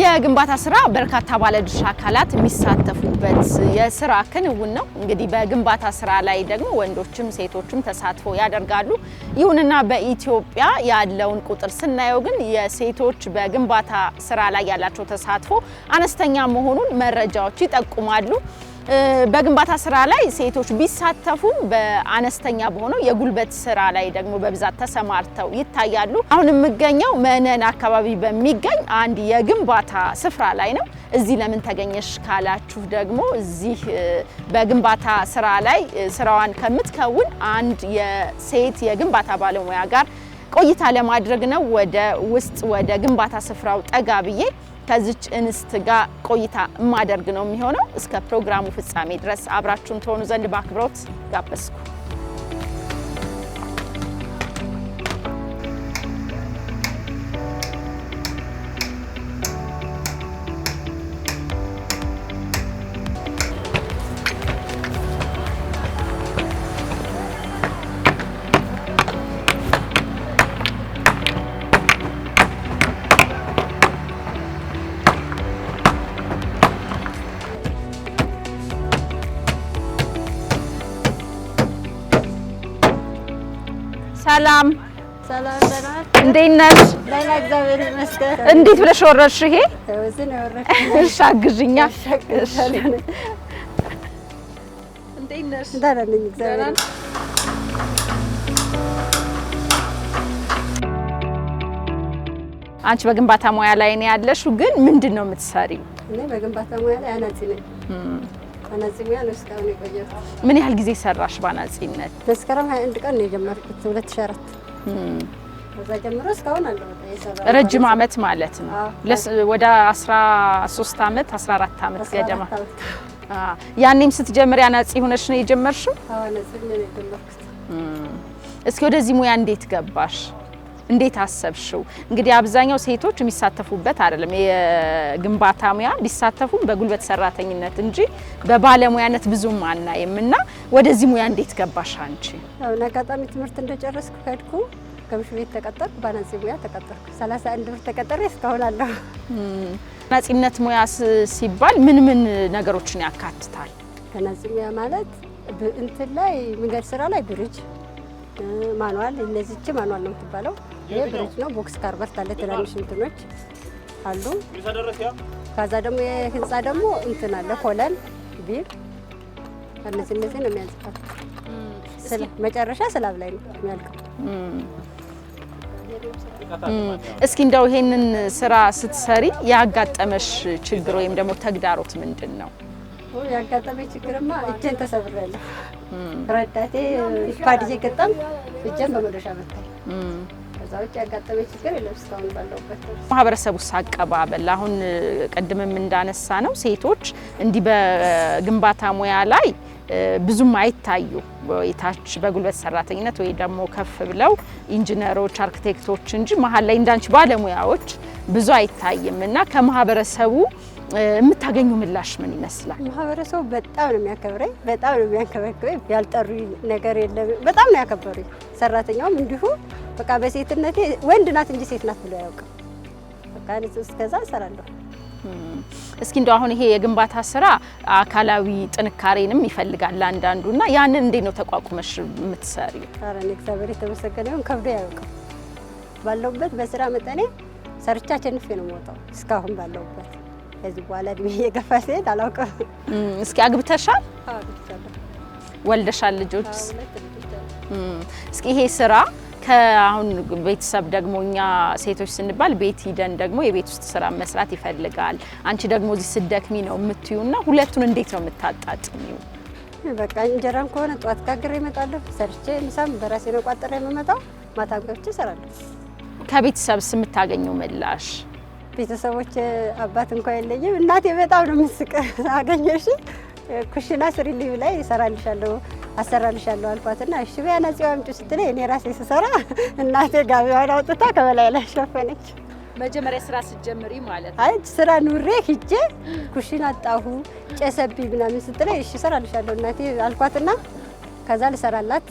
የግንባታ ስራ በርካታ ባለድርሻ አካላት የሚሳተፉበት የስራ ክንውን ነው። እንግዲህ በግንባታ ስራ ላይ ደግሞ ወንዶችም ሴቶችም ተሳትፎ ያደርጋሉ። ይሁንና በኢትዮጵያ ያለውን ቁጥር ስናየው ግን የሴቶች በግንባታ ስራ ላይ ያላቸው ተሳትፎ አነስተኛ መሆኑን መረጃዎች ይጠቁማሉ። በግንባታ ስራ ላይ ሴቶች ቢሳተፉም በአነስተኛ በሆነው የጉልበት ስራ ላይ ደግሞ በብዛት ተሰማርተው ይታያሉ። አሁን የምገኘው መነን አካባቢ በሚገኝ አንድ የግንባታ ስፍራ ላይ ነው። እዚህ ለምን ተገኘሽ ካላችሁ ደግሞ እዚህ በግንባታ ስራ ላይ ስራዋን ከምትከውን አንድ የሴት የግንባታ ባለሙያ ጋር ቆይታ ለማድረግ ነው። ወደ ውስጥ ወደ ግንባታ ስፍራው ጠጋ ብዬ ከዚች እንስት ጋር ቆይታ የማደርግ ነው የሚሆነው። እስከ ፕሮግራሙ ፍጻሜ ድረስ አብራችሁን ትሆኑ ዘንድ በአክብሮት ጋበዝኩ። ሰላም እንዴት ነሽ? እንዴት ብለሽ ወረድሽ? ይሄ እሺ፣ አግዥኛ። አንቺ በግንባታ ሙያ ላይ ነው ያለሽው፣ ግን ምንድን ነው የምትሰሪው? እኔ በግንባታ ሙያ ላይ አናጺ ነኝ። አናጺሙያን እስካሁን የቆየሁት። ምን ያህል ጊዜ ሰራሽ በአናጺነት? መስከረም 21 ቀን ነው የጀመርኩት 2004 ከዛ ጀምሮ እስካሁን አለው። ረጅም አመት ማለት ነው። ወደ 13 አመት 14 አመት ገደማ። ያኔም ስትጀምር አናጺ ሆነሽ ነው የጀመርሽው? አዎ አናጺ ነው የጀመርኩት። እስኪ ወደዚህ ሙያ እንዴት ገባሽ? እንዴት አሰብሽው? እንግዲህ አብዛኛው ሴቶች የሚሳተፉበት አይደለም የግንባታ ሙያ ቢሳተፉም በጉልበት ሰራተኝነት እንጂ በባለሙያነት ብዙም አናይም እና ወደዚህ ሙያ እንዴት ገባሽ አንቺ? አጋጣሚ ትምህርት እንደጨረስኩ ከድኩ ከምሽ ቤት ተቀጠርኩ። በአናጺ ሙያ ተቀጠርኩ። 31 ብር ተቀጠሬ እስካሁን አለሁ። አናጺነት ሙያ ሲባል ምን ምን ነገሮችን ያካትታል? አናጺ ሙያ ማለት እንትን ላይ መንገድ ስራ ላይ ብርጅ ማኗል እነዚች ማኗል ነው የምትባለው ይሄ ብሪጅ ነው። ቦክስ ካርበር አለ። ትናንሽ እንትኖች አሉ። ከዛ ደግሞ የህንፃ ደግሞ እንትን አለ። ኮለን ቢል እነዚህ እነዚህ ነው የሚያዝቃት። መጨረሻ ስላብ ላይ ነው የሚያልቀው። እስኪ እንደው ይሄንን ስራ ስትሰሪ ያጋጠመሽ ችግር ወይም ደግሞ ተግዳሮት ምንድን ነው? ያጋጠመኝ ችግርማ እጄን ተሰብሬያለሁ። ረዳቴ ፓድዬ ገጠም እጄን በመዶሻ መታኝ። ከዛ ውጭ ያጋጠመ ችግር የለም እስካሁን ባለሁበት። ማህበረሰቡ ውስጥ አቀባበል አሁን ቅድምም እንዳነሳ ነው ሴቶች እንዲህ በግንባታ ሙያ ላይ ብዙም አይታዩ ወይታች በጉልበት ሰራተኝነት ወይ ደግሞ ከፍ ብለው ኢንጂነሮች፣ አርክቴክቶች እንጂ መሀል ላይ እንዳንች ባለሙያዎች ብዙ አይታይም እና ከማህበረሰቡ የምታገኙ ምላሽ ምን ይመስላል? ማህበረሰቡ በጣም ነው የሚያከብረኝ፣ በጣም ነው የሚያንከበክበኝ። ያልጠሩ ነገር የለም። በጣም ነው ያከበሩኝ። ሰራተኛውም እንዲሁ በቃ በሴትነቴ ወንድ ናት እንጂ ሴት ናት ብሎ አያውቅም። በቃ እስከዛ እሰራለሁ። እስኪ እንደው አሁን ይሄ የግንባታ ስራ አካላዊ ጥንካሬንም ይፈልጋል አንዳንዱ እና ያንን እንዴት ነው ተቋቁመሽ የምትሰሪ? ኧረ እኔ እግዚአብሔር የተመሰገነ ይሁን ከብዶ አያውቅም። ባለሁበት በስራ መጠኔ ሰርቻ ቸንፌ ነው የምወጣው እስካሁን ባለሁበት። ከዚህ በኋላ እድሜ እየገፋ ሲሄድ አላውቅም። እስኪ አግብተሻል? ወልደሻል? ልጆች እስኪ ይሄ ስራ ከአሁን ቤተሰብ ደግሞ እኛ ሴቶች ስንባል ቤት ሂደን ደግሞ የቤት ውስጥ ስራ መስራት ይፈልጋል። አንቺ ደግሞ እዚህ ስደክሚ ነው የምትዩና ሁለቱን እንዴት ነው የምታጣጥሚው? በቃ እንጀራም ከሆነ ጠዋት ጋግሬ እመጣለሁ ሰርቼ፣ ምሳም በራሴ ነው ቋጥሬ የምመጣው፣ ማታም ገብቼ እሰራለሁ። ከቤተሰብስ የምታገኘው ምላሽ? ቤተሰቦች አባት እንኳ የለኝም። እናቴ በጣም ነው የምትስቅ፣ አገኘሽ ኩሽና ስሪልኝ ብላኝ ይሰራልሻለሁ አሰራልሻለሁ አልኳትና እሺ በይ አናጺው አምጪው ስትለኝ እኔ ራሴ ስሰራ እናቴ ጋቢዋን አውጥታ ከበላይ ላይ ሸፈነች። መጀመሪያ ስራ ስትጀምሪ ማለት አይ ስራ ኑሬ ሂጄ ኩሽን አጣሁ ጨሰብኝ ምናምን ስትለኝ እሺ እሰራልሻለሁ እናቴ አልኳትና ከዛ ልሰራላት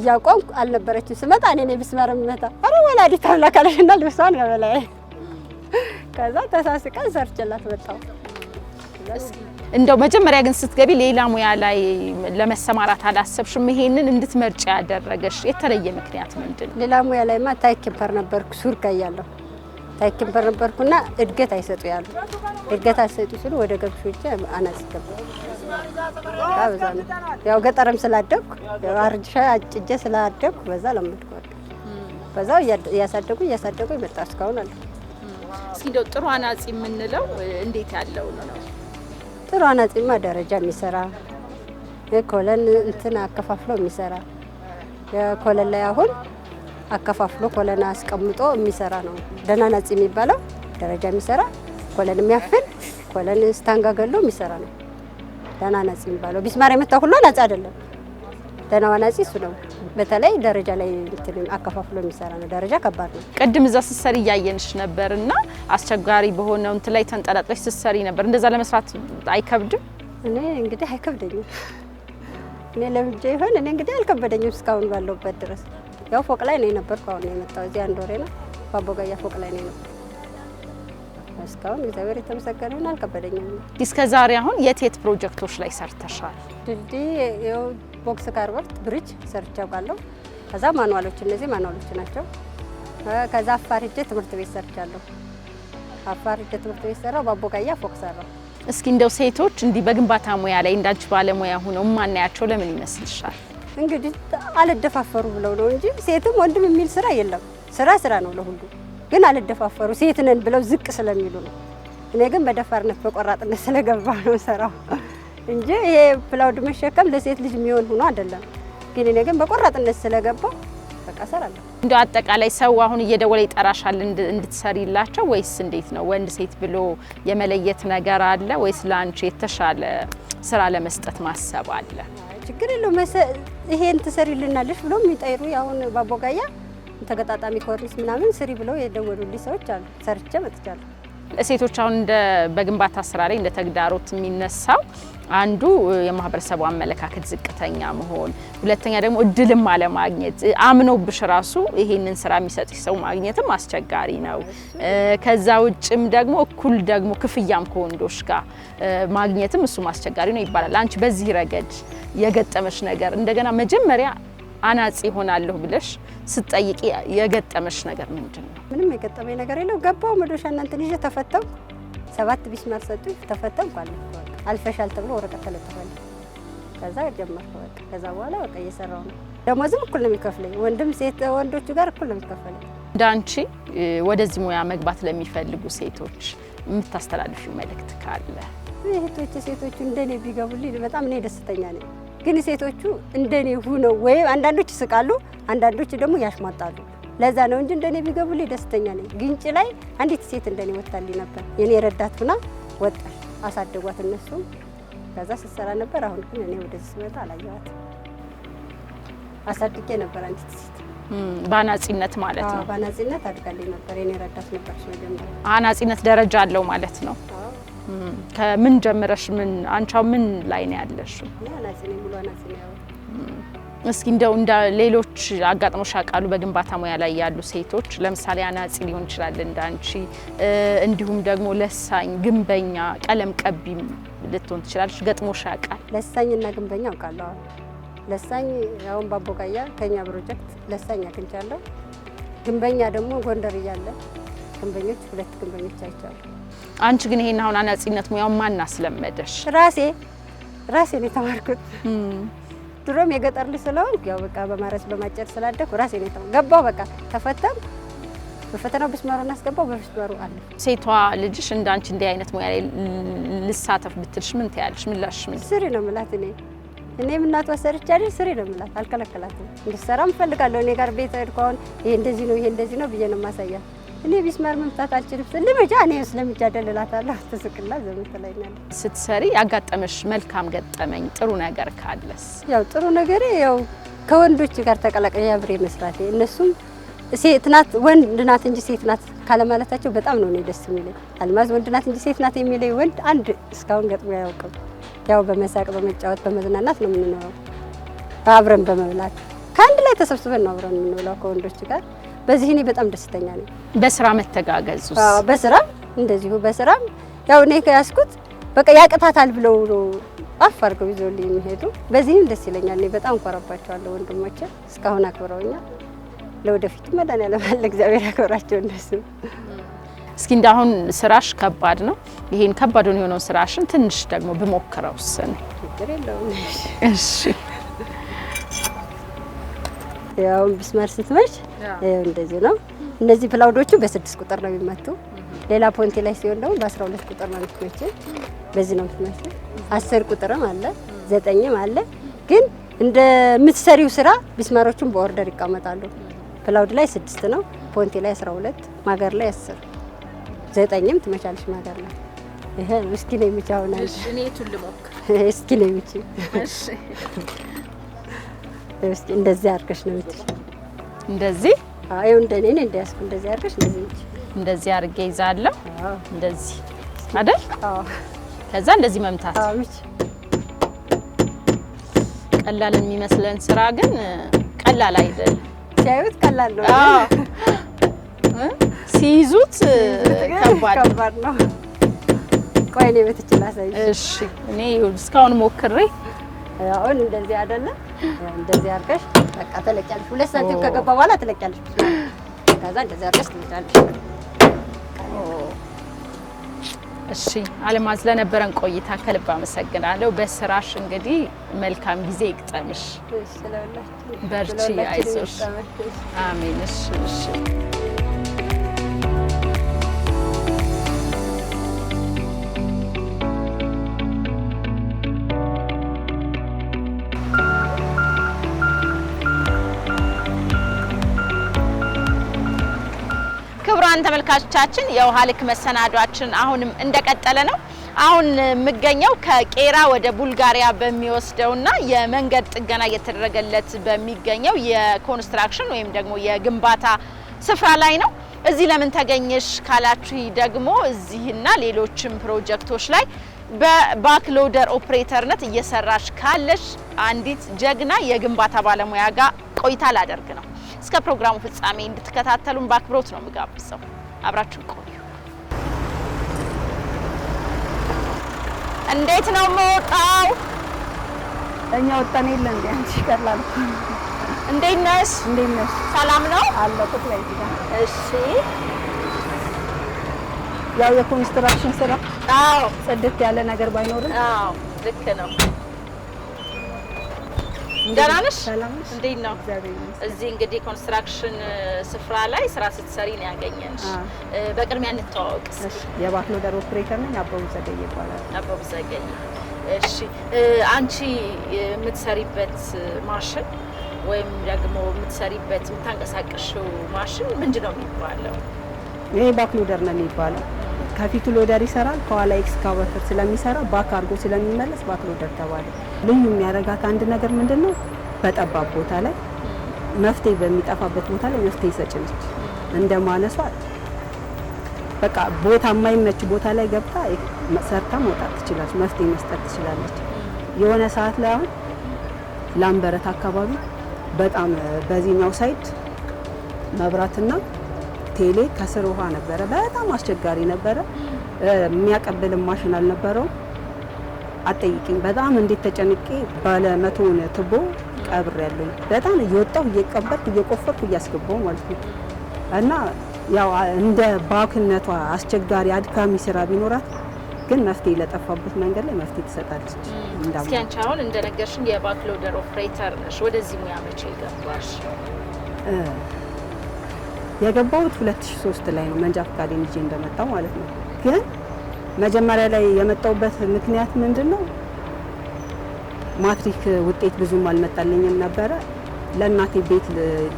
እያቆምኩ አልነበረችም። ስመጣ እኔ ነኝ ምስማር መታ አረ ወላዲት አምላክ አለሽና ልብሷን ከበላይ ከዛ ተሳስቀን ሰርቼላት መጣሁ። እንደው መጀመሪያ ግን ስትገቢ ሌላ ሙያ ላይ ለመሰማራት አላሰብሽም? ይሄንን እንድትመርጭ ያደረገሽ የተለየ ምክንያት ምንድን ነው? ሌላ ሙያ ላይማ ታይ ኪምፐር ነበርኩ፣ ሱርጋ እያለሁ ታይ ኪምፐር ነበርኩና እድገት አይሰጡ ያሉ እድገት አይሰጡ ስሉ ወደ ገብሽ ውጭ አናጺ ገባሁ። በዛ ነው ያው ገጠርም ስላደግኩ አርጅሻ አጭጄ ስላደግኩ በዛ ለመድኩ። በዛው እያሳደጉ እያሳደጉ ይመጣ እስካሁን አለ። እስኪ እንደው ጥሩ አናጺ የምንለው እንዴት ያለው ነው? ጥሩ አናጺማ ደረጃ የሚሰራ ኮለን እንትን አከፋፍሎ የሚሰራ የኮለን ላይ አሁን አከፋፍሎ ኮለን አስቀምጦ የሚሰራ ነው። ደህና ናጺ የሚባለው ደረጃ የሚሰራ ኮለን የሚያፍል ኮለን ስታንጋገሎ የሚሰራ ነው። ደህና ናጺ የሚባለው ቢስማር የመታ ሁሉ ናጺ አይደለም። ደህናዋ ናጺ እሱ ነው። በተለይ ደረጃ ላይ እንትን አከፋፍሎ የሚሰራ ነው። ደረጃ ከባድ ነው። ቅድም እዛ ስትሰሪ እያየንሽ ነበር እና አስቸጋሪ በሆነው እንትን ላይ ተንጠላጥለሽ ስትሰሪ ነበር። እንደዛ ለመስራት አይከብድም? እኔ እንግዲህ አይከብደኝም። እኔ ለምጄ ይሆን እኔ እንግዲህ አልከበደኝም እስካሁን ባለውበት ድረስ። ያው ፎቅ ላይ ነው የነበርኩ። አሁን የመጣው እዚህ አንድ ወሬ ነው። ባቦጋያ ፎቅ ላይ ነው የነበርኩ እስካሁን እግዚአብሔር የተመሰገነ ይሁን አልከበደኝም። እስከ ዛሬ አሁን የት የት ፕሮጀክቶች ላይ ሰርተሻል? ድልድይ ቦክስ ካር ወርት ብሪጅ ሰርቼ አውቃለሁ። ከዛ ማንዋሎች እነዚህ ማንዋሎች ናቸው። ከዛ አፋር ሂጄ ትምህርት ቤት ሰርቻለሁ። አፋር ሂጄ ትምህርት ቤት ሰራው፣ በአቦቃያ ፎቅ ሰራው። እስኪ እንደው ሴቶች እንዲህ በግንባታ ሙያ ላይ እንዳንቺ ባለሙያ ሆነው የማናያቸው ለምን ይመስልሻል? እንግዲህ አልደፋፈሩ ብለው ነው እንጂ ሴትም ወንድም የሚል ስራ የለም። ስራ ስራ ነው ለሁሉ። ግን አልደፋፈሩ ሴት ነን ብለው ዝቅ ስለሚሉ ነው። እኔ ግን በደፋርነት በቆራጥነት ስለገባ ነው ስራው እንጂ ይሄ ፕላውድ መሸከም ለሴት ልጅ የሚሆን ሆኖ አይደለም። ግን እኔ ግን በቆራጥነት ስለገባ በቃ ሰራለሁ። እንደ አጠቃላይ ሰው አሁን እየደወለ ይጠራሻል እንድትሰሪላቸው ወይስ እንዴት ነው? ወንድ ሴት ብሎ የመለየት ነገር አለ ወይስ ለአንቺ የተሻለ ስራ ለመስጠት ማሰብ አለ? ችግር የለውም። ይሄን ትሰሪልናለሽ ብሎ የሚጠይሩ አሁን ባቦጋያ ተገጣጣሚ ኮርኒስ ምናምን ስሪ ብለው የደወሉልኝ ሰዎች አሉ። ሰርቼ መጥቻለሁ። ለሴቶች አሁን በግንባታ ስራ ላይ እንደ ተግዳሮት የሚነሳው አንዱ የማህበረሰቡ አመለካከት ዝቅተኛ መሆን፣ ሁለተኛ ደግሞ እድልም አለማግኘት፣ አምኖብሽ ራሱ ይሄንን ስራ የሚሰጥ ሰው ማግኘትም አስቸጋሪ ነው። ከዛ ውጭም ደግሞ እኩል ደግሞ ክፍያም ከወንዶች ጋር ማግኘትም እሱም አስቸጋሪ ነው ይባላል። አንቺ በዚህ ረገድ የገጠመች ነገር እንደገና መጀመሪያ አናጺ ይሆናለሁ ብለሽ ስትጠይቂ የገጠመሽ ነገር ምንድን ነው? ምንም የገጠመኝ ነገር የለው። ገባው መዶሻ እናንተን ይዤ ተፈተው ሰባት ቢስማር ሰጡ ተፈተንኩ አለ አልፈሻል ተብሎ ወረቀት ተለጥፋል። ከዛ ጀመርኩ በቃ። ከዛ በኋላ በቃ እየሰራው ነው። ደሞዝም እኩል ነው የሚከፍለኝ። ወንድም ሴት ወንዶቹ ጋር እኩል ነው የሚከፍለኝ። እንዳንቺ ወደዚህ ሙያ መግባት ለሚፈልጉ ሴቶች የምታስተላልፊው መልእክት ካለ? እህቶቼ ሴቶቹ እንደኔ ቢገቡልኝ በጣም እኔ ደስተኛ ነኝ። ግን ሴቶቹ እንደኔ ሁነው ወይ አንዳንዶች ይስቃሉ፣ አንዳንዶች ደግሞ ያሽሟጣሉ። ለዛ ነው እንጂ እንደኔ ላይ ደስተኛ ነኝ። ግንጭ ላይ አንዲት ሴት እንደኔ ወጣልኝ ነበር። የኔ ረዳት ሁና ወጣ አሳደጓት እነሱም ከዛ ስትሰራ ነበር። አሁን ግን እኔ ወደዚህ ስመጣ አላየኋትም። አሳድጌ ነበር አንዲት ሴት በአናጺነት ማለት ነው። በአናጺነት አድጋልኝ ነበር። የኔ ረዳት ነበር። አናጺነት ደረጃ አለው ማለት ነው። ከምን ጀምረሽ ምን አንቻው ምን ላይ ነው ያለሽ? እስኪ እንደው እንደ ሌሎች አጋጥሞሽ ያውቃሉ? በግንባታ ሙያ ላይ ያሉ ሴቶች ለምሳሌ አናጺ ሊሆን ይችላል እንደ አንቺ፣ እንዲሁም ደግሞ ለሳኝ፣ ግንበኛ፣ ቀለም ቀቢም ልትሆን ትችላለች። ገጥሞሽ ያውቃል? እና ግንበኛ አውቃለሁ። ለሳኝ አሁን ባቦቃያ ከኛ ፕሮጀክት ለሳኝ አግኝቻለሁ። ግንበኛ ደግሞ ጎንደር እያለ ግንበኞች ሁለት ግንበኞች አይቻሉ። አንቺ ግን ይሄን አሁን አናጺነት ሙያው ማን አስለመደሽ? ራሴ ራሴ ነው የተማርኩት። ድሮም የገጠር ልጅ ስለሆንኩ ያው በቃ በማረስ በማጨድ ስላደኩ ራሴ ነው የተማርኩት። ገባሁ በቃ ተፈተን በፈተናው ቢስማሩ እናስገባው በቢስማሩ አለ። ሴቷ ልጅሽ እንደ አንቺ እንዲህ አይነት ሙያ ላይ ልሳተፍ ብትልሽ ምን ትያለሽ? ምላሽ ምን? ስሪ ነው የምላት እኔ እኔም እናቷ ሰርቻለች ስሪ ነው የምላት። አልከለከላትም። እንድትሰራም እፈልጋለሁ። እኔ ጋር ቤት ሄድኩ አሁን ይሄ እንደዚህ ነው ይሄ እንደዚህ ነው ብዬ ነው የማሳያት እኔ ቢስማር መምጣት አልችልም ስል ልምጃ እኔ ስለምጃ ትስቅና ዘመን ስትሰሪ ያጋጠመሽ መልካም ገጠመኝ ጥሩ ነገር ካለስ? ያው ጥሩ ነገር ያው ከወንዶች ጋር ተቀላቅዬ አብሬ መስራቴ እነሱም ሴት ናት ወንድ ናት እንጂ ሴት ናት ካለማለታቸው በጣም ነው እኔ ደስ የሚለኝ። አልማዝ ወንድ ናት እንጂ ሴት ናት የሚለኝ ወንድ አንድ እስካሁን ገጥሞ አያውቅም። ያው በመሳቅ በመጫወት በመዝናናት ነው የምንኖረው፣ አብረን በመብላት ከአንድ ላይ ተሰብስበን ነው አብረን የምንብላው ከወንዶች ጋር በዚህ እኔ በጣም ደስተኛ ነኝ። በስራ መተጋገዝ ውስጥ በስራ እንደዚሁ በስራ ያው እኔ ከያዝኩት በቃ ያቅታታል ብለው አፍ አድርገው ይዘውልኝ የሚሄዱ። በዚህም ደስ ይለኛል። እኔ በጣም ኮረባቸዋለሁ ወንድሞች እስካሁን አክብረውኛል። ለወደፊቱ መድኃኒዓለም አለ እግዚአብሔር ያክብራቸው እነሱ። እስኪ እንዳሁን ስራሽ ከባድ ነው። ይሄን ከባዱን የሆነው ስራሽን ትንሽ ደግሞ ብሞክረውስ ነው? ችግር የለውም። እሺ ያው ቢስማር ስትመች ያው እንደዚህ ነው። እነዚህ ፕላውዶቹ በስድስት ቁጥር ነው የሚመቱ። ሌላ ፖንቴ ላይ ሲሆን ደግሞ በአስራ ሁለት ቁጥር ነው የምትመች። በዚህ ነው የምትመች። አስር ቁጥርም አለ ዘጠኝም አለ። ግን እንደምትሰሪው ስራ ቢስማሮቹን በኦርደር ይቀመጣሉ። ፕላውድ ላይ ስድስት ነው፣ ፖንቴ ላይ አስራ ሁለት ማገር ላይ አስር ዘጠኝም ትመቻለች ማገር ላይ ይሄ እስኪ ነው የሚቻውና እሺ እኔ ቱል እስኪ ነው እሺ እስቲ እንደዚህ አድርገሽ ነው የምትል። እንደዚህ አይ እንደኔ ነኝ እንደያዝኩ እንደዚህ አድርገሽ እንደዚህ ነች። እንደዚህ አድርጌ ይዛለሁ። እንደዚህ አይደል? አዎ። ከዛ እንደዚህ መምታት። አዎ። ቀላል የሚመስለን ስራ ግን ቀላል አይደለም። ሲያዩት ቀላል ነው። አዎ። ሲይዙት ከባድ ነው። ቆይ እኔ በትችል አሳይሽ። እሺ። እኔ እስካሁን ሞክሬ አሁን እንደዚህ አይደለ? እንደዚህ አድርገሽ በቃ ትለቂያለሽ። ሁለት ሳንቲም ከገባ በኋላ ትለቂያለሽ። ከዛ እንደዚህ አድርገሽ ትመጫለሽ። እሺ አልማዝ፣ ለነበረን ቆይታ ከልብ አመሰግናለሁ። በስራሽ እንግዲህ መልካም ጊዜ ይግጠምሽ። በርቺ፣ አይዞሽ። አሜን። እሺ፣ እሺ ክቡራን ተመልካቾቻችን የውሃ ልክ መሰናዷችን አሁንም እንደቀጠለ ነው። አሁን የምገኘው ከቄራ ወደ ቡልጋሪያ በሚወስደውና የመንገድ ጥገና እየተደረገለት በሚገኘው የኮንስትራክሽን ወይም ደግሞ የግንባታ ስፍራ ላይ ነው። እዚህ ለምን ተገኘሽ ካላችሁ ደግሞ እዚህና ሌሎችም ፕሮጀክቶች ላይ በባክሎደር ኦፕሬተርነት እየሰራች ካለች አንዲት ጀግና የግንባታ ባለሙያ ጋር ቆይታ ላደርግ ነው። እስከ ፕሮግራሙ ፍጻሜ እንድትከታተሉን በአክብሮት ነው የምጋብዘው። አብራችሁ ቆዩ። እንዴት ነው የምወጣው? እኛ ወጣን የለ እንዴ? አንቺ ይቀላል። እንዴት ነሽ? እንዴት ነሽ? ሰላም ነው አለ ላይ እሺ። ያው የኮንስትራክሽን ስራ አዎ፣ ጽድት ያለ ነገር ባይኖርም አዎ፣ ልክ ነው። ደህና ነሽ? እንዴት ነው? እዚህ እንግዲህ ኮንስትራክሽን ስፍራ ላይ ስራ ስትሰሪ ነው ያገኘንሽ። በቅድሚያ እንተዋወቅ። የባት ሎደር ኦፕሬተር ነኝ። አበቡ ዘገየ ይባላል። አበቡ ዘገየ። እሺ፣ አንቺ የምትሰሪበት ማሽን ወይም ደግሞ የምትሰሪበት የምታንቀሳቀሽው ማሽን ምንድን ነው የሚባለው? ይሄ ባክሎደር ነው የሚባለው ከፊቱ ሎደር ይሰራል፣ ከኋላ ኤክስካቫተር ስለሚሰራ ባክ አድርጎ ስለሚመለስ ባክ ሎደር ተባለ። ልዩ የሚያደርጋት አንድ ነገር ምንድን ነው? በጠባብ ቦታ ላይ መፍትሄ በሚጠፋበት ቦታ ላይ መፍትሄ ሰጭ ነች። እንደ ማነሷ በቃ ቦታ የማይመች ቦታ ላይ ገብታ ሰርታ መውጣት ትችላለች፣ መፍትሄ መስጠት ትችላለች። የሆነ ሰዓት ላይ አሁን ላምበረት አካባቢ በጣም በዚህኛው ሳይድ መብራትና ቴሌ ከስር ውሃ ነበረ። በጣም አስቸጋሪ ነበረ። የሚያቀብልም ማሽን አልነበረውም። አጠይቅኝ በጣም እንዴት ተጨንቄ ባለ መቶውን ትቦ ቀብር ያለኝ በጣም እየወጣሁ እየቀበርኩ እየቆፈርኩ እያስገባው ማለት ነው። እና ያው እንደ ባክነቷ አስቸጋሪ አድካሚ ስራ ቢኖራት ግን መፍትሄ ለጠፋበት መንገድ ላይ መፍትሄ ትሰጣለች። እስኪ አንቺ አሁን እንደነገርሽን የባክሎደር ኦፕሬተር ነሽ። ወደዚህ ሙያ መቼ ገባሽ? የገባሁት 2003 ላይ ነው መንጃ ፈቃዴን ይዤ እንደመጣው ማለት ነው። ግን መጀመሪያ ላይ የመጣውበት ምክንያት ምንድን ነው? ማትሪክ ውጤት ብዙም አልመጣልኝም ነበረ። ለእናቴ ቤት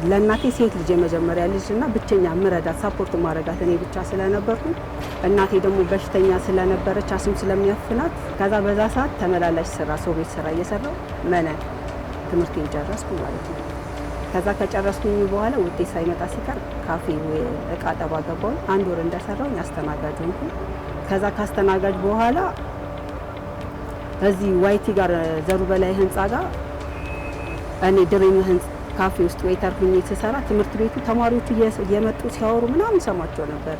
ለእናቴ ሴት ልጅ የመጀመሪያ ልጅ እና ብቸኛ ምረዳት ሳፖርት ማረጋት እኔ ብቻ ስለነበርኩ እናቴ ደግሞ በሽተኛ ስለነበረች አስም ስለሚያፍናት ከዛ በዛ ሰዓት ተመላላሽ ስራ ሰው ቤት ስራ እየሰራው መነ ትምህርቴን ጨረስኩ ማለት ነው። ከዛ ከጨረስኩኝ በኋላ ውጤት ሳይመጣ ሲቀር ካፌ እቃ ጠባ ገባሁኝ። አንድ ወር እንደሰራሁኝ አስተናጋጅ ሆንኩ። ከዛ ካስተናጋጅ በኋላ እዚህ ዋይቲ ጋር ዘሩ በላይ ህንፃ ጋር እኔ ድሬም ህንፃ ካፌ ውስጥ ዌይተር ሁኜ ስሰራ ትምህርት ቤቱ ተማሪዎቹ እየመጡ ሲያወሩ ምናምን ሰማቸው ነበረ።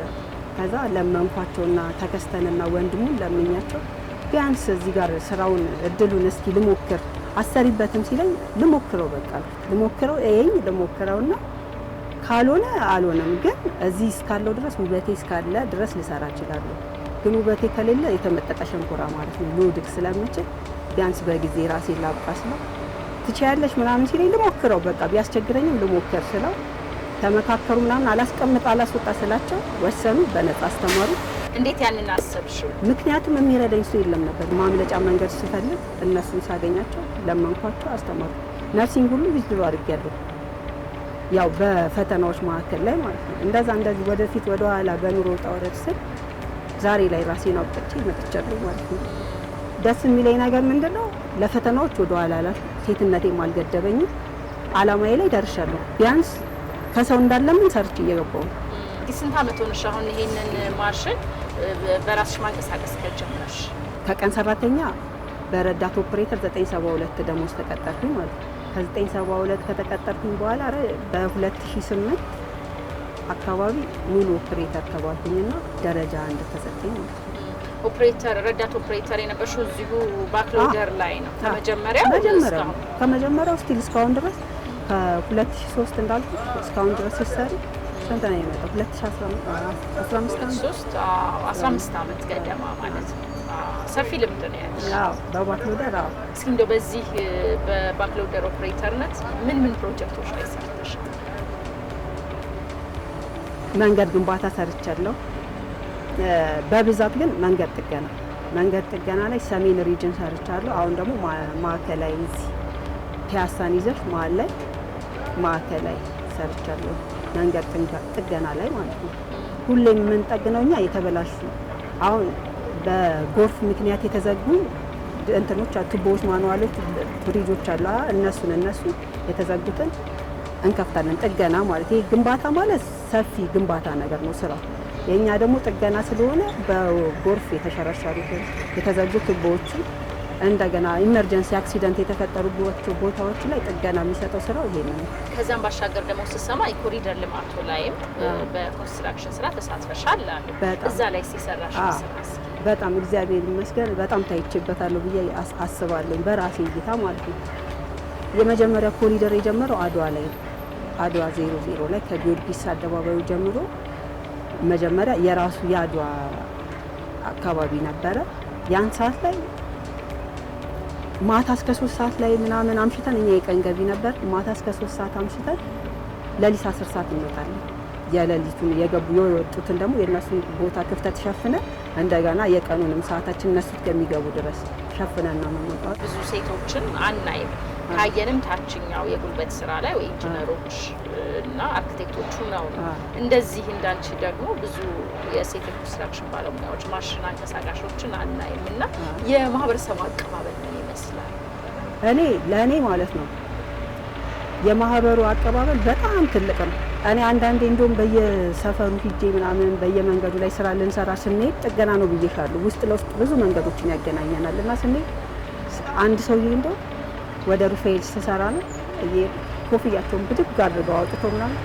ከዛ ለመንኳቸውና ተከስተንና ወንድሙን ለምኛቸው ቢያንስ እዚህ ጋር ስራውን እድሉን እስኪ ልሞክር አሰሪበትም ሲለኝ ልሞክረው በቃ ልሞክረው ይሄኝ ነው ካልሆነ አልሆነም፣ ግን እዚህ እስካለው ድረስ ውበቴ እስካለ ድረስ ልሰራ እችላለሁ። ግን ውበቴ ከሌለ የተመጠቀ ሸንኮራ ማለት ነው ልውድቅ ስለምችል ቢያንስ በጊዜ ራሴ ላብቃ ስለው ትችያለሽ ምናምን ሲለኝ ልሞክረው በቃ ቢያስቸግረኝም ልሞክር ስለው ተመካከሩ ምናምን አላስቀምጥ አላስወጣ ስላቸው ወሰኑ። በነጻ አስተማሩ። እንዴት ያንን አሰብሽ? ምክንያቱም የሚረዳኝ ሰው የለም ነበር። ማምለጫ መንገድ ስፈልግ እነሱን ሳገኛቸው ለመንኳቸው፣ አስተማሩ። ነርሲንግ ሁሉ ቢዝድሮ አድርጌያለሁ። ያው በፈተናዎች መካከል ላይ ማለት ነው። እንደዛ እንደዚህ ወደፊት ወደኋላ በኑሮ ውጣ ውረድ ስል ዛሬ ላይ ራሴን አውጥቼ መጥቻለሁ ማለት ነው። ደስ የሚለኝ ነገር ምንድን ነው? ለፈተናዎች ወደኋላ አላልኩም። ሴትነቴም አልገደበኝም። አላማዬ ላይ ደርሻለሁ። ቢያንስ ከሰው እንዳለምን ሰርች እየገባው ነው። ስንት አመት ሆነሽ አሁን ይሄንን ማርሽን በራስሽ ማንቀሳቀስ ከጀመርሽ ከቀን ሰራተኛ በረዳት ኦፕሬተር 972 ደሞዝ ተቀጠርኩኝ ማለት ነው። ከ972 ከተቀጠርኩኝ በኋላ በ2008 አካባቢ ሙሉ ኦፕሬተር ተባልኩኝና ደረጃ አንድ ተሰጠኝ ማለት ነው። ኦፕሬተር ረዳት ኦፕሬተር የነበርሽው እዚሁ ባክሎደር ላይ ነው መጀመሪያ ከመጀመሪያው እስቲል እስካሁን ድረስ ከ2003 እንዳልኩ እስካሁን ድረስ ሲሰሩ ስንት ነው የመጣው? 2015 15 ዓመት ገደማ ማለት ነው። ሰፊ ልምድ ነው ያለው በባክሎደር። እስኪ እንደው በዚህ በባክሎደር ኦፕሬተርነት ምን ምን ፕሮጀክቶች ላይ ሰርተሽ? መንገድ ግንባታ ሰርቻለሁ። በብዛት ግን መንገድ ጥገና መንገድ ጥገና ላይ ሰሜን ሪጅን ሰርቻለሁ። አሁን ደግሞ ማዕከላዊ ፒያሳን ይዘሽ መሀል ላይ ማዕከላዊ ሰርቻለሁ። የአንገት ጥገና ላይ ማለት ነው። ሁሌም የምንጠግነው እኛ የተበላሹ አሁን በጎርፍ ምክንያት የተዘጉ እንትኖች፣ ቱቦዎች፣ ማንዋሎች፣ ብሪጆች አሉ። እነሱን እነሱ የተዘጉትን እንከፍታለን። ጥገና ማለት ይህ ግንባታ ማለት ሰፊ ግንባታ ነገር ነው ስራው። የእኛ ደግሞ ጥገና ስለሆነ በጎርፍ የተሸረሸሩትን የተዘጉ ቱቦዎችን እንደገና ኢመርጀንሲ አክሲደንት የተፈጠሩባቸው ቦታዎች ላይ ጥገና የሚሰጠው ስራው ይሄ ነው። ከዛም ባሻገር ደግሞ ስሰማ የኮሪደር ልማቱ ላይም በኮንስትራክሽን ስራ ተሳትፈሻል አለ። እዛ ላይ ሲሰራሽ በጣም እግዚአብሔር ይመስገን በጣም ታይቼበታለሁ ብዬ አስባለሁ፣ በራሴ እይታ ማለት ነው። የመጀመሪያ ኮሪደር የጀመረው አድዋ ላይ አድዋ ዜሮ ዜሮ ላይ ከጊዮርጊስ አደባባዩ ጀምሮ መጀመሪያ የራሱ የአድዋ አካባቢ ነበረ ያን ሰዓት ላይ ማታ እስከ ሶስት ሰዓት ላይ ምናምን አምሽተን እኛ የቀን ገቢ ነበር። ማታ እስከ ሶስት ሰዓት አምሽተን ለሊት አስር ሰዓት እንወጣለን። የሌሊቱን የገቡ የወጡትን ደግሞ የእነሱን ቦታ ክፍተት ሸፍነ እንደገና የቀኑንም ሰዓታችን እነሱ ከሚገቡ ድረስ ሸፍነን ነው የምንወጣው። ብዙ ሴቶችን አናይም። ካየንም ታችኛው የጉልበት ስራ ላይ ወይ ኢንጂነሮች እና አርክቴክቶቹ ነው። እንደዚህ እንዳንቺ ደግሞ ብዙ የሴት ኮንስትራክሽን ባለሙያዎች ማሽን አንቀሳቃሾችን አናይም እና የማህበረሰቡ አቀባበል ይመስላል። እኔ ለእኔ ማለት ነው የማህበሩ አቀባበል በጣም ትልቅ ነው። እኔ አንዳንዴ እንደውም በየሰፈሩ ሂጄ ምናምን በየመንገዱ ላይ ስራ ልንሰራ ስንሄድ ጥገና ነው ብዬሻለሁ። ውስጥ ለውስጥ ብዙ መንገዶችን ያገናኘናል እና ስንሄድ አንድ ሰውዬ እንደው ወደ ሩፋኤል ስሰራ ነው ኮፍያቸውን ብድግ አድርገው አውጥቶ ምናምን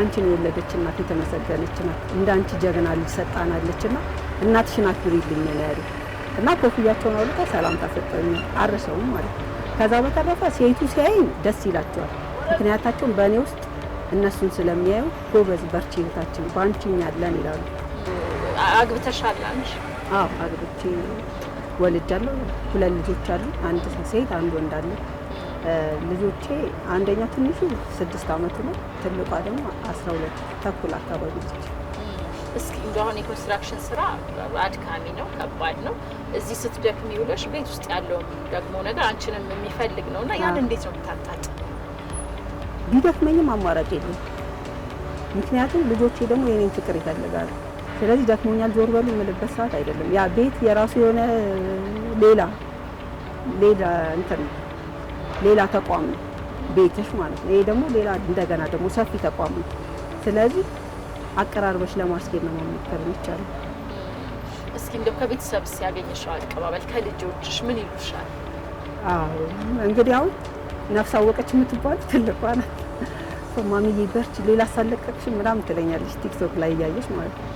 አንቺን የወለደች እናት የተመሰገነች ናት፣ እንደ አንቺ ጀግና ልጅ ሰጣናለች እና እናትሽን አክብሪልኝ ነው ያሉ እና ኮፍያቸውን አውልቃ ሰላምታ ሰጠኝ አርሰውም ማለት ነው። ከዛ በተረፈ ሴቱ ሲያይኝ ደስ ይላቸዋል። ምክንያታቸውም በእኔ ውስጥ እነሱን ስለሚያዩ ጎበዝ፣ በርቺ፣ እህታችን በአንቺ እኛ አለን ይላሉ። አግብተሻል? አዎ አግብቼ ወልጃለሁ። ሁለት ልጆች አሉ፣ አንድ ሴት አንድ ወንድ አለ። ልጆቼ አንደኛው ትንሹ ስድስት አመቱ ነው፣ ትልቋ ደግሞ አስራ ሁለት ተኩል አካባቢ ነች። እስኪ የኮንስትራክሽን ስራ አድካሚ ነው፣ ከባድ ነው። እዚህ ስትደክም ይውለሽ ቤት ውስጥ ያለውን ደግሞ ነገር አንቺንም የሚፈልግ ነው እና ያን እንዴት ነው የምታጣጥ? ቢደክመኝም አማራጭ የለም። ምክንያቱም ልጆቼ ደግሞ የኔን ፍቅር ይፈልጋሉ። ስለዚህ ደክሞኛል ዞር በሉ የምልበት ሰዓት አይደለም። ያ ቤት የራሱ የሆነ ሌላ ሌላ እንትን ሌላ ተቋም ነው ቤትሽ ማለት ነው። ይሄ ደግሞ ሌላ እንደገና ደግሞ ሰፊ ተቋም ነው። ስለዚህ አቀራርበሽ ለማስጌድ ነው መሞከር የሚቻለው። እስኪ እንደው ከቤተሰብ ሲያገኘሽው አቀባበል ከልጆችሽ ምን ይሉሻል? አዎ እንግዲህ አሁን ነፍስ አወቀች የምትባል ትልቋ ናት። ማሚዬ በርቺ፣ ሌላ ሳለቀቅሽ ምናምን ትለኛለች፣ ቲክቶክ ላይ እያየች ማለት ነው።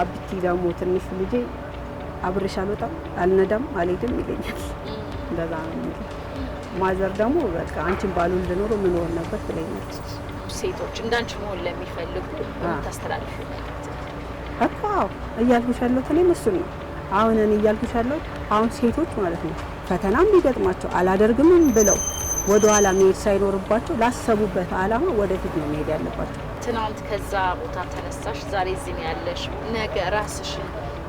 አብቲ ደግሞ ትንሽ ልጄ አብርሽ አልወጣም፣ አልነዳም፣ አልሄድም ይለኛል። እንደዛ ነው። ማዘር ደግሞ በቃ አንቺን ባሉ ኖሮ ምን ሆን ነበር ትለኛለች። ሴቶች እንዳንቺ መሆን ለሚፈልጉ ልታስተላልፍ እኮ አዎ እያልኩሽ ያለሁት እኔም እሱን ነው። አሁን እኔ እያልኩሽ ያለሁት አሁን ሴቶች ማለት ነው ፈተናም ቢገጥማቸው አላደርግምም ብለው ወደ ኋላ መሄድ ሳይኖርባቸው ላሰቡበት አላማ ወደፊት ነው መሄድ ያለባቸው። ትናንት ከዛ ቦታ ተነሳሽ፣ ዛሬ እዚህ ነው ያለሽ። ነገ ራስሽን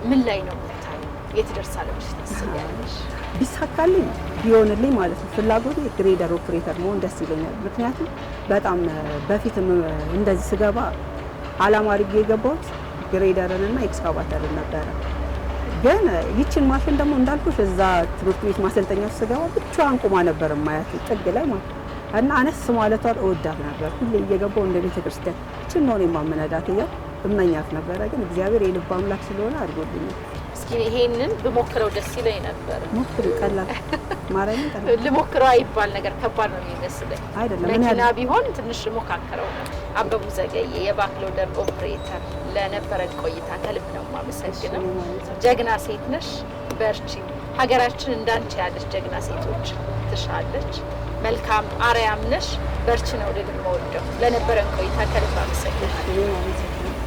ምን ላይ ነው ምታል? የት ደርሳለሽ ታስቢያለሽ? ቢሳካልኝ ቢሆንልኝ ማለት ነው ፍላጎቴ ግሬደር ኦፕሬተር መሆን ደስ ይለኛል። ምክንያቱም በጣም በፊት እንደዚህ ስገባ አላማ አድርጌ የገባሁት ግሬደርን እና ኤክስካቫተርን ነበረ። ግን ይችን ማሽን ደግሞ እንዳልኩሽ እዛ ትምህርት ቤት ማሰልጠኛ ስገባ ብቻዋን ቁማ ነበር ማያት ጥግ ላይ ማለት እና አነስ ማለቷን እወዳት ነበር። ሁሌ እየገባው እንደ ቤተ ክርስቲያን ይችን ነው የማመነዳት እያ እመኛት ነበረ። ግን እግዚአብሔር የልብ አምላክ ስለሆነ አድርጎልኛል። እስኪ ይሄንን ብሞክረው ደስ ይለኝ ነበር። ሞክር ይቀላል ማረኝ ቀላል ልሞክረው አይባል ነገር ከባድ ነው የሚመስለኝ አይደለም። መኪና ቢሆን ትንሽ ሞካከረው ነበር አበቡ ዘገየ የባክሎደር ኦፕሬተር ለነበረን ቆይታ ከልብ ነው የማመሰግነው። ጀግና ሴት ነሽ፣ በርቺ። ሀገራችን እንዳንቺ ያለች ጀግና ሴቶች ትሻለች። መልካም አርያም ነሽ፣ በርቺ ነው ልል መወደው። ለነበረን ቆይታ ከልብ አመሰግናለሁ።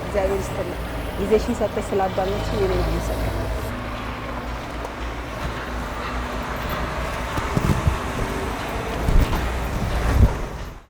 እግዚአብሔር ይስጥልኝ። ጊዜሽን ሰጠሽ ስላዳመጥሽኝ እኔ አመሰግናለሁ።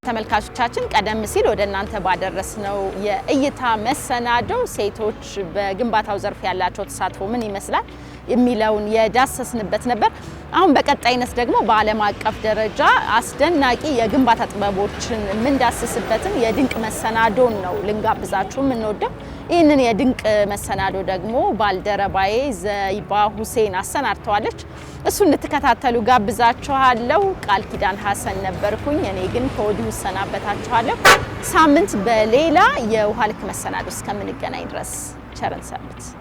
ተመልካቾቻችን ቀደም ሲል ወደ እናንተ ባደረስነው የእይታ መሰናዶ ሴቶች በግንባታው ዘርፍ ያላቸው ተሳትፎ ምን ይመስላል የሚለውን የዳሰስንበት ነበር። አሁን በቀጣይነት ደግሞ በዓለም አቀፍ ደረጃ አስደናቂ የግንባታ ጥበቦችን የምንዳስስበትን የድንቅ መሰናዶን ነው ልንጋብዛችሁ የምንወደው። ይህንን የድንቅ መሰናዶ ደግሞ ባልደረባዬ ዘይባ ሁሴን አሰናድተዋለች። እሱ እንድትከታተሉ ጋብዛችኋለሁ። ቃል ኪዳን ሀሰን ነበርኩኝ። እኔ ግን ከወዲሁ እሰናበታችኋለሁ። ሳምንት በሌላ የውሃ ልክ መሰናዶ እስከምንገናኝ ድረስ ቸረን ሰንብት።